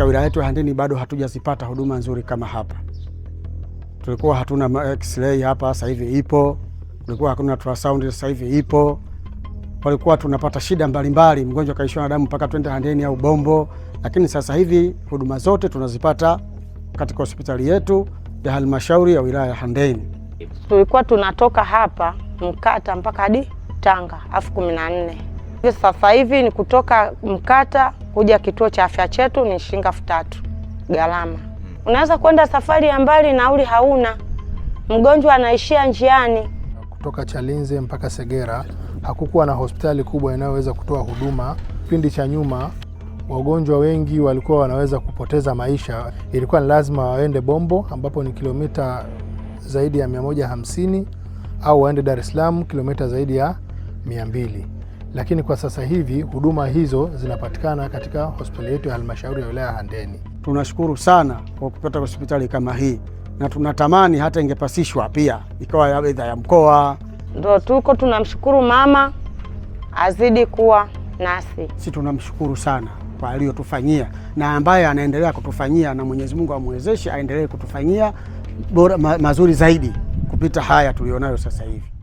katika wilaya yetu ya Handeni bado hatujazipata huduma nzuri kama hapa. Tulikuwa hatuna x-ray hapa, sasa hivi ipo. Tulikuwa hakuna ultrasound, sasa hivi ipo. Walikuwa tunapata shida mbalimbali, mgonjwa kaishiwa na damu mpaka twende Handeni au Bombo, lakini sasa hivi huduma zote tunazipata katika hospitali yetu ya halmashauri ya wilaya ya Handeni. Tulikuwa tunatoka hapa Mkata mpaka hadi Tanga elfu kumi na nne. Sasa hivi ni kutoka Mkata kuja kituo cha afya chetu ni shilingi elfu tatu gharama. Hmm. Unaweza kwenda safari ya mbali, nauli hauna, mgonjwa anaishia njiani. Kutoka Chalinze mpaka Segera hakukuwa na hospitali kubwa inayoweza kutoa huduma. Kipindi cha nyuma wagonjwa wengi walikuwa wanaweza kupoteza maisha, ilikuwa ni lazima waende Bombo ambapo ni kilomita zaidi ya 150 au waende Dar es Salaam kilomita zaidi ya 200 lakini kwa sasa hivi huduma hizo zinapatikana katika hospitali yetu ya halmashauri ya wilaya ya Handeni. Tunashukuru sana kwa kupata hospitali kama hii na tunatamani hata ingepasishwa pia ikawa ya idhaa ya mkoa. Ndo tuko tunamshukuru mama azidi kuwa nasi, si tunamshukuru sana kwa aliyotufanyia na ambaye anaendelea kutufanyia, na Mwenyezi Mungu amwezeshe aendelee kutufanyia bora, ma, mazuri zaidi kupita haya tuliyonayo sasa hivi.